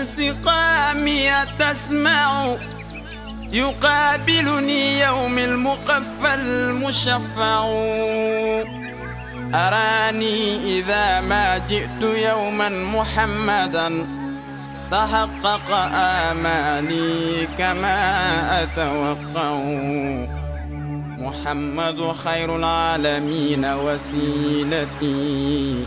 السقامي تسمع يقابلني يوم المقفى المشفع أراني إذا ما جئت يوما محمدا تحقق آمالي كما أتوقع محمد خير العالمين وسيلتي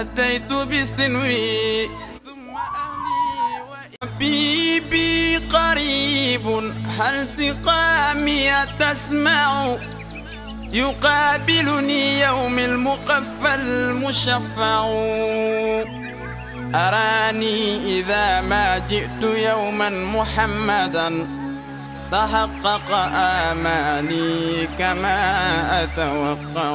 أتيت بسنوي ثم أهلي وحبيبي قريب هل سقامي تسمع يقابلني يوم المقفى المشفع أراني إذا ما جئت يوما محمدا تحقق آمالي كما أتوقع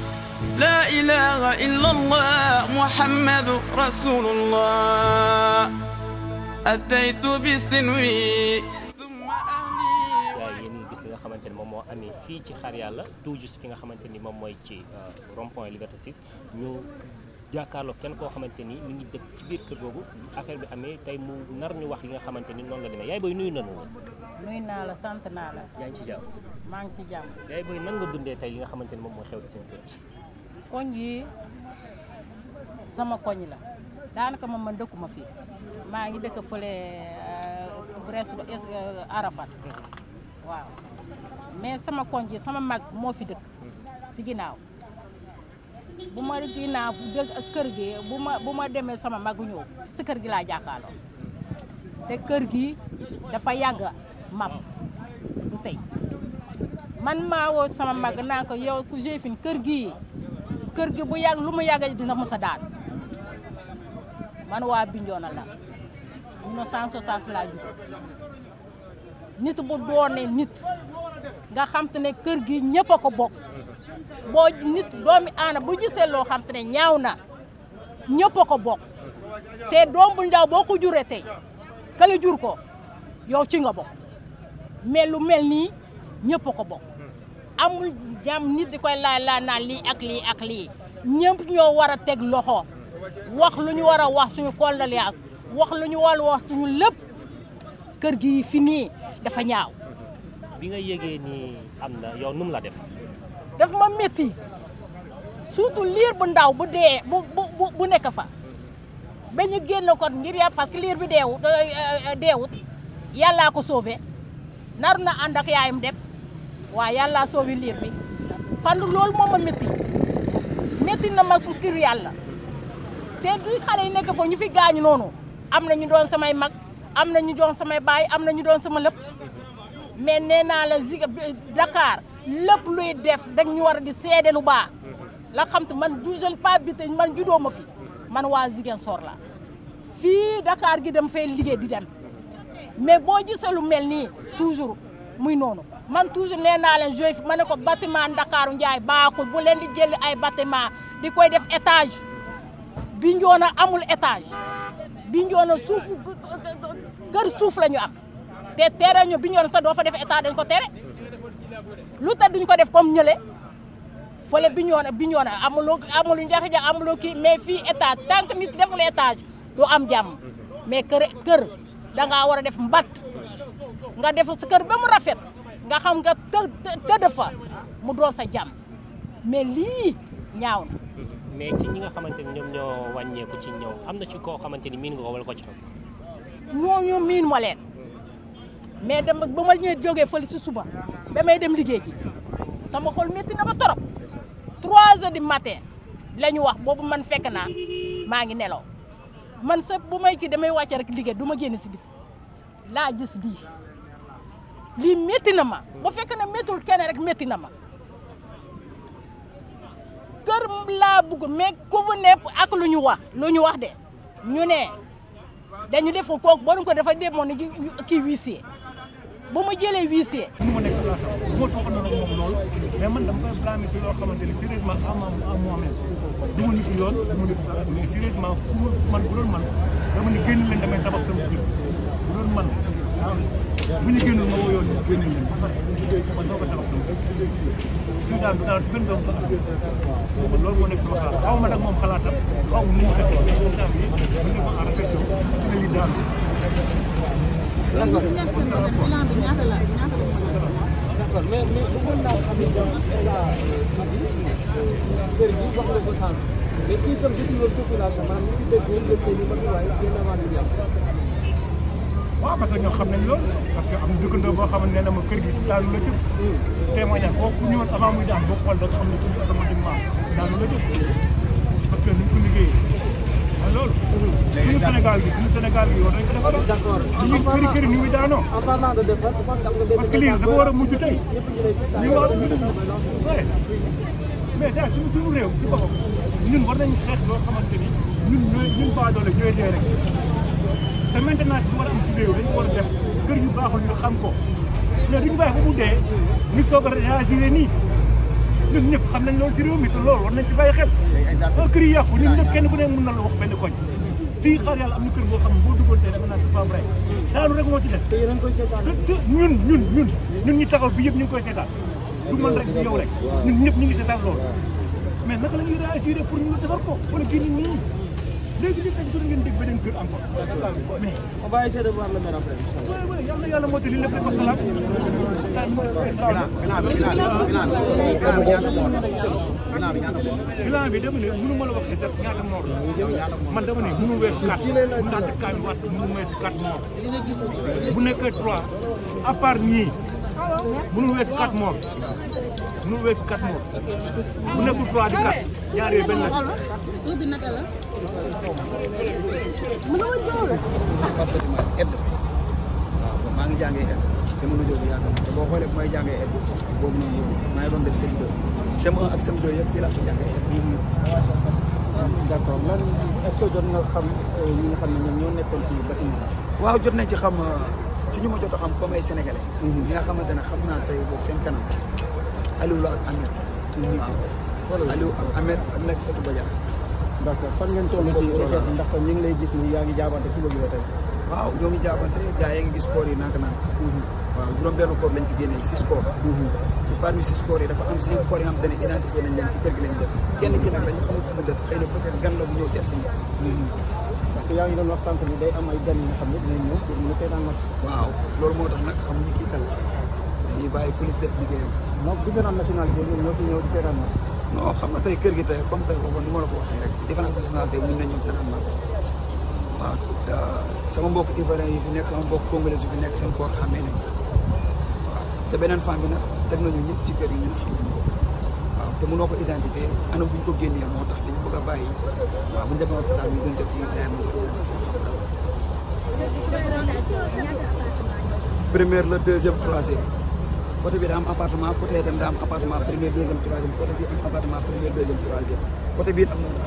لا إله إلا الله محمد رسول الله أتيت بسنوي xamante ni moom moo amee fii ci xaar yàlla tout juste fi nga xamante ni moom mooy ci euh, rond-point Liberté 6 ñu jàkkaarloo kenn koo xamante ni ñu ngi dëkk ci biir kër googu affaire bi amee tey mu nar ñu wax li nga xamante ni noonu la demee yaay booy nuyu na la nuyu naa la sant naa la ci jàmm maa ngi ci jàmm yaay booy nan nga dundee tey li nga xamante ni moom moo xew seen koñ yi sama koñ la daanaka man man dëkkuma fi maa ngi dëkk fële euh, Brest euh, Arafat mais sama koñ yi sama mag moo fi dëkk si ginnaaw bu ma kër gi bu bu ma demee sama mag ñëw si kër gi laa jàkkaarloo te kër gi dafa yàgg màpp du tey man maa sama mag naa ko yow ku jëfin kër gi kër gi bu yàgg lu mu yàgg dina mos a daanu man waa Bignona la 1960 laa judd nit bu doone nit nga xam ne kër gi ñëpp a ko bokk boo nit doomi aana bu gisee loo xam te ne ñaaw na ñëpp a ko bokk te doom bu ndaw boo ko juree tey kala jur ko yow ci nga bokk lu mel nii ñëpp ko bokk amul jàmm nit di koy laaj laaj naan lii ak lii ak lii ñëpp ñoo war a teg loxo wax lu ñu war a wax suñu condoléance wax lu ñu war a wax suñu lépp kër gi fi nii dafa ñaaw. bi nga yëgee nii am na yow num la def. daf ma metti surtout liir bu ndaw bu dee bu bu bu nekk fa ba ñu génn ko ngir ya parce que liir bi deewut euh, euh, deewut yàllaa ko sauvé nar na ànd ak yaayam dem. waa yàlla soobi liir bi parce que loolu moom ma métti métti na ma kir yàlla te du xale yi nekk fa ñu fi gaañu noonu am na ñu doon samay mag am na ñu doon samay baay am na ñu doon sama lépp mais nee naa la Ziga Dakar lépp luy def dañ ñu war a di seede lu baax la xam man du jeune pas bi te man juddoo ma fi man waa sor la fii Dakar gi dem fay liggéey di dem mais boo gisee lu mel nii toujours muy noonu. man toujours nee naa leen juif ma ne ko bâtiment Ndakaaru Njaay baaxul bu leen di jël ay bâtiment di koy def étage Bignona amul bi Bignona suuf kër suuf la ñu am te tere ñu Bignona sa doo fa def étage dañ ko tere lu tax duñ ko def comme ñële fële Bignona Bignona amuloo amulu njax-njax amuloo kii mais fii étage tant que nit deful étage doo am jàmm mais kër kër dangaa war a def mbatt nga def sa kër ba mu rafet nga xam nga të tëdd mu door sa jàmm mais lii ñaaw na. mais ci ñi nga xamante ni ñoom ñoo wàññeeku ci ñëw am na ci ko xamante ni miin nga ko wala ko ci xam. ñooñu miin ma leen mais dama ba ma ñëwee jógee fal si suba ba may dem liggéey ji sama xol métti na ba torop 3 heures du matin la ñu wax boobu man fekk naa maa ngi nelaw man sa bu may kii damay wàcc rek liggéey du ma génn si biti laa gis lii. lii métti na ma bu fekkee ne méttul kenn rek métti na ma kër laa bugg mais ku fa ak lu ñu wax lu ñu wax de ñu ne dañu def ko kooku ba ko dafa demoon ni kii huissier ba mu jëlee huissier. mu nekk bu ma toog noonu moom lool mais man dama koy blâmer ci loo xamante ni sérieusement am am moomeel du ma nit yoon du ma nit mais sérieusement ku man bu doon man dama ni génn leen damay tabax sama kër bu doon man. bu ñu génnoon ma woo yoon ñu génne ngeen man dama ko taxaw sama kër daal du daal benn doom ko am loolu moo nekk sama xalaat xaw ma nag moom xalaatam xaw ma nu mu xeexoo mais ñun daal yi mën na ma ànd feccoo ci la lii daal. lan nga xam ne bilan bi ñaata la ñaata la mën a d'accord mais mais bëggoon naa xam ne jamono kër gi wax nga ko sànq est-ce que itam depuis loolu population maanaam ñu ngi dégg ngeen seen i matuwaay gën a wàllu yàlla waa parce ñoo xam ne loolu parce am dëkkandoo boo xam ne nee na ma kër gi daanu la jëm témoignage kooku ñëwoon avant muy daan boo xool da nga xam ne kër gi daanu la jëm parce que ni ko liggéeyee a ah, loolu suñu Sénégal bi suñu Sénégal war nañ ko defar ñu këri këri ni muy daanoo parce que lii dafa war a mujj tey ñu war ñu dëgg mais daal suñu suñu réew ci boppam war nañ xeex loo xamante ni ñun ñooy ñun baadoole ñooy dee te maintenant bi war a am ci réew dañu war a def kër yu baaxul ñu xam ko mais duñu bàyyi ba mu dee ñu soog a réagir nii ñun ñëpp xam nañ loolu si réew mi te loolu war nañ ci bàyyi xel kër yi yàqu ñun ñëpp kenn ku ne mën na la wax benn koñ fii xaar xam ne boo duggoon tey dama naan c'est pas vrai daanu rek ñun ñun ñun ñun ñu taxaw bi yëpp ñu ngi koy seetaan du man rek du yow rek ñun ñëpp ñu ngi seetaan loolu mais naka la ñuy réagir pour ñu defar ko wala génn nii léegi ñu teg suñu ngeen dégg beneen kër de voir le maire après. oui lépp rek wasalaam. ne mënu ma la wax exact ñaata mort la man dama ne mënu weesu quatre bu nekkee trois à part ñii mënu weesu quatre mort mënu weesu quatre mort bu nekkul trois di quatre ñaar yooyu benn la mënoo jàng. parce que si man edd waaw sem ak sem 2 yëpp fii laa jot ne nekkoon ci bâtiment waaw jot ci xam euh, ci ñu ma jot a xam comme ay sénégalais. Mhm. ñi nga xamante ne xam naa tey boog seen kanam Aliou la ak Ahmed. Mhm. waaw Aliou ak Ahmed ak nekk Satou Badiane. d'accord fan ngeen toll ci recherche bi ñu ngi lay gis ni yaa ngi jaabante suba bi ba waaw ñoo jaabante gars ngi gis koor yi naaka naan mhm. waaw juróom benn koor lañ fi génnee six koor mhm. ci parmi six koor yi dafa am cinq koor yi nga xam leen ci kër gi lañ def kenn ki nag dañu la bu ñëw seet si mhm. doon wax sànq ni day am ay gan yi nga xam ne dinañ ñëw waaw loolu moo tax nag xamuñu kii kan la dañuy bàyyi police def liggéeyam donc différentes nationalités ñoom ñoo fi ñëw di seetaan non xam nga tey kër gi te comme tey boobu ni ma la ko waxee rek différence nationalité mën nañu seen am masse waaw sama mbokk ivoirien yi fi nekk sama mbokk congolais yi fi nekk seen koor xamee nañ waaw te beneen femme bi nañu ñëpp ci kër yi ñun xam nañu ko waaw te mënoo ko identifier anam bu ñu ko génnee moo tax dañu bëgg bàyyi waaw bu ñu demee hôpital ñu gën jëkk yi dayam ñu ko identifier la deuxième troisième côté bi am appartement côté itam daa am appartement premier deuxième bi am appartement premier deuxième am na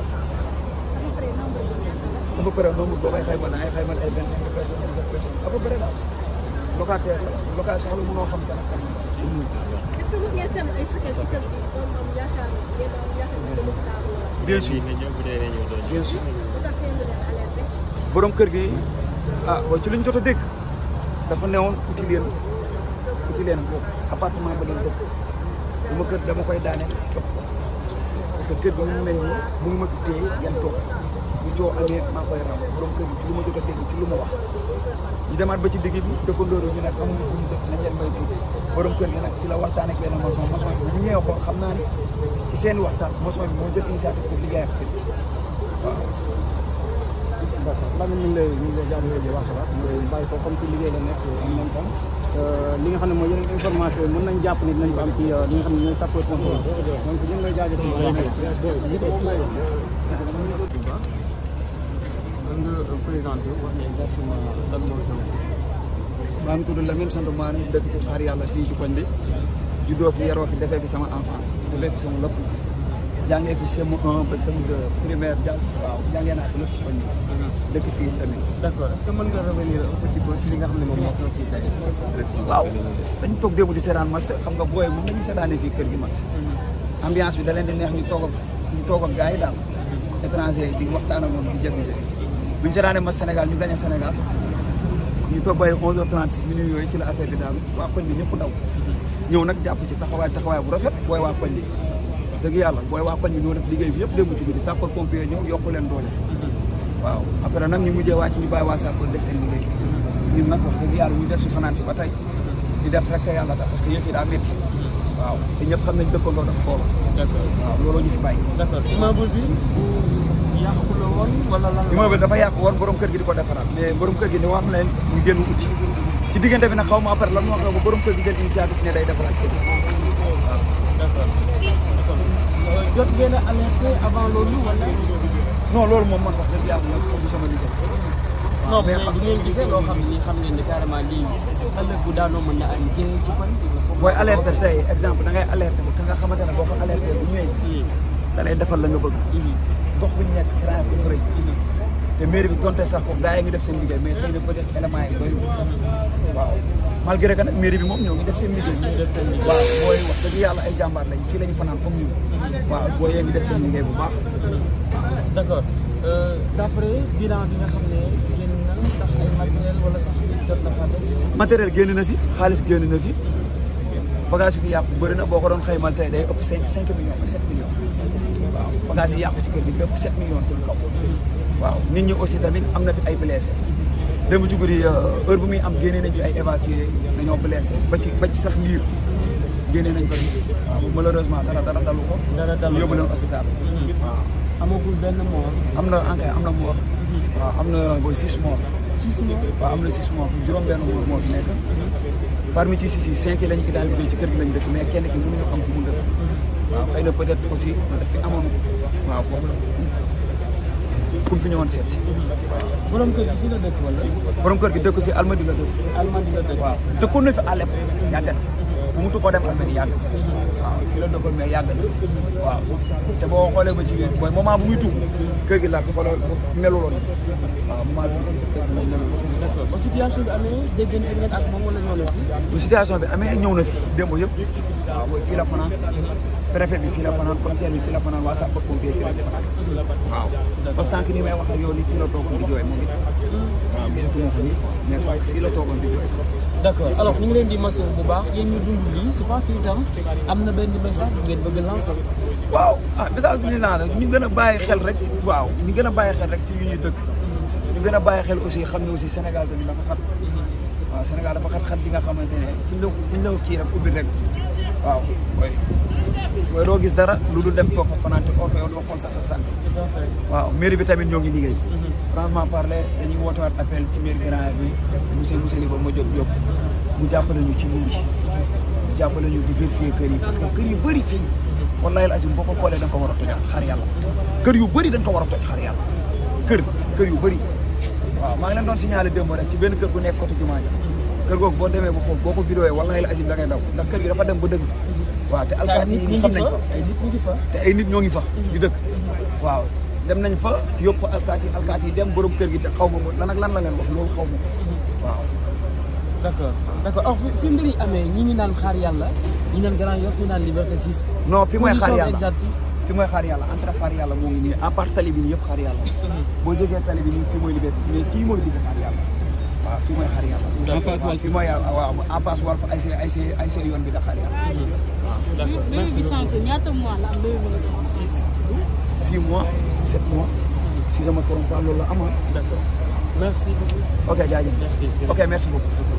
à peu près xaymal ay vingt cinq personnes la location la mënoo xam kan ak kër gi doon am yaakaar ngeen am ah, ci liñ jot a dégg dafa newoon uti ci leen appartement ba leen dëkk sama kër dama koy daaneel jot parce que kër gi mu mel nii ma fi téye yan toog bu coow amee maa koy raw borom kër gi ci lu ma jot a dégg ci lu ma wax ñu demaat ba ci digg bi dëkkandóoro ñu nag amuñu fu ñu dëkk nañ leen may tuuti borom kër gi ci la waxtaan ak benn ma maçon bi bu ñëwee xool xam naa seen waxtaan maçon bi moo jël initiative pour liggéey ak kër waaw ñu ngi lay ñu ci liggéey Euh, li nga xam ne mooy yeneen information yi mën nañ jàpp ni dinañ ko am ci euh, li nga xam ne ñooy sapeur pompier donc ñu ngi lay jaajëfal euh, maa ngi tudd Lamine sant maa ngi dëkk ci xaar yàlla fii ci koñ bi juddoo fi yaroo fi defee fi sama enfance defee fi sama lépp jàngee fi CM1 ba CM2 primaire jàng waaw jàngee naa fi lépp ci koñ bi dëkk fii tamit. d'accord est-ce que mën nga revenir un petit peu ci li nga xam ne moom moo tax fii tey. waaw dañu toog démb di seetaan match xam nga booy moom la ñu seetaanee fii kër gi match. Mm-hmm. ambiance bi da leen di neex ñu toog ak ñu toog ak gars yi daal. Mm-hmm. étranger di waxtaan ak moom di jafe-jafe. bu ñu seetaanee match Sénégal ñu gagné Sénégal ñu toog bay 11h30 minutes yooyu ci la affaire bi daal waa koñ bi ñëpp daw. Mm-hmm. ñëw nag jàpp ci taxawaay taxawaay bu rafet booy waa koñ bi. dëgg yàlla booy waa koñ bi ñoo def liggéey bi yëpp démb ci guddi sapeur pompier ñëw yokk leen doole waaw après nag ñu mujjee wàcc ñu bàyyi waa Sarko def seen liggéey ñun nag wax dëgg yàlla ñu des fi fanaan fi ba tey di def rek yàlla da parce que yëf yi daa métti waaw te ñëpp xam nañ dëppandoo daf foofu waaw looloo ñu fi bàyyi d'accord immeuble bi yàqu la woon wala lan immeuble dafa yàqu woon borom kër gi di ko defaraat mais borom kër gi ne wax na leen ñu génn uti ci diggante bi na xaw ma après lan moo xew ba borom kër gi jël initiative ne day defaraat kër waaw d'accord euh, jot ngeen a alerté avant loolu wala non loolu moom man wax dëgg yàlla moom mais bu ngeen loo xam xam ngeen ne carrément lii ëllëg bu daanoo mën na am géej ci fan. booy alerté tey exemple da ngay alerté ko nga xamante ne boo ko bu ñëwee. da lay defal la nga bëgg. gox bi ñu nekk grand dafa rëy. te mairie bi donte sax ko gars yi ngi def seen liggéey mais xëy na peut être éléments yi bëriwul. waaw malgré que nag mairie bi moom ñoo ngi def seen liggéey. ñu waaw booy wax dëgg yàlla ay jàmbaar lañ fii la ñu fanaan comme ñun. waaw booy yee ngi def seen liggéey bu baax. d' accord euh, d' après bilan bi nga xam ne génn na ndax ay matériel wala sax matériel génn na fi xaalis génn na fi bagage bi yàqu bëri na boo ko doon xaymal tey day ëpp cinq cinq millions ba sept millions waaw bagage ci kër gi day ëpp sept millions pour kaw waaw nit ñi aussi tamit am na fi ay blessé démb ci guddi euh, heure bu muy am génne nañu ay évacué dañoo blessé ba ci sax liir génne nañ ko waaw malheureusement dara dara dalu ko. dara dalu ko amagul benn mort. am na en am na mort. Mm-hmm. waaw am na booy six mort. six mort waaw am na six mort juróom-benn mort moo fi nekk. Mm-hmm. parmi ci six yi cinq yi lañ identifié ci kër gi lañ dëkk mais kenn ki mënuñu xam fu mu dëkk. waaw xëy na peut-être aussi daf fi amoon waaw boobu fu mu fi ñëwoon seet si. Mm-hmm. borom kër gi fii la dëkk wala. borom kër gi dëkk fi Almadies la dëkk. Almadies la dëkk waaw dëkkoon na fi à l'époque yàgg na mënatu ko dem Almadies yàgg waaw fi yàgg na waaw te boo xoolee ba ci mooy moment bu muy tuub kër gi la ko la meluloon waaw moment bi. ba situation bi amee dégg ngeen na fi. bu situation bi amee ñëw na fi démb yëpp fii la fanaan préfet bi fii la fanaan commissaire bi fii la fanaan waa sapeur pompier fii la fanaan waaw ba sànq ni may wax ak yow nii fii la toogoon di jooy moom it mm. waaw gisatuma ko nii fii la toogoon di jooy. d' accord alors ñu ngi leen di masawu bu baax yéen ñu dund lii su pense que itam am na benn message bu ngeen bëgg lancer. waaw ah message bu ñuy lancer ñu gën a bàyyi xel rek waaw ñu gën a bàyyi xel rek ci yu ñu dëkk. ñu gën a bàyyi xel aussi xam ne aussi Sénégal tamit dafa xat. waaw Sénégal dafa xat xat bi nga xamante ne fuñ la fuñ la kii rek ubbi rek waaw koy mooy doo gis dara lu dul dem toog fa fanaan te oto yow doo sa sa waaw mairie bi tamit ñoo ngi liggéey. Mm-hmm. franchement parler dañuy wootewaat appel ci mairie grand bi monsieur monsieur Liba ma jóg jóg. mu jàppale ñu ci lii mu jàppale ñu diversifier kër yi parce que kër yu bëri fii wallaahi asim boo ko xoolee da ko war a toj xar yàlla kër yu bari da ko war a toj xar yàlla kër kër yu bëri waaw maa ngi leen doon signalé démb rek ci benn kër gu nekk côté jumaa ja kër googu boo demee ba foofu boo ko vidéoyee wallaahi asim da ngay daw ndax kër gi dafa dem ba dëgg waaw te alkaati yi ñu xam nañ ay nit ñu ngi fa te ay nit ñoo ngi fa mhm. di dëkk waaw dem nañ fa yóbbu fa alkaati yi yi dem borom kër gi te xaw ma lan ak lan la leen wax loolu xaw ma d' accord d' accord or fi mbir yi amee ñi ñu naan xaar yàlla ñi naan Grand Yoff ñu naan Liberté 6. non fi mooy xaar yàlla fi mooy xaar yàlla entre xaar yàlla moo ngi nii à part tali bi nii yëpp xaar yàlla. Mhm. boo jógee tali bi nii fii mooy Liberté mais fii mooy digg xaar yàlla. waaw fii mooy xaar yàlla. en face wàll fii mooy waaw en face wàll fa ay see ay see ay see yoon bi da xaar yàlla. Ah, mhm. d' accord merci beaucoup léegi bi ñaata mois la am léegi mu nekk 6. 6 mois 7 mois si je me trompe pas loolu la amoon. d' accord merci beaucoup. ok jaajëf merci ok merci beaucoup.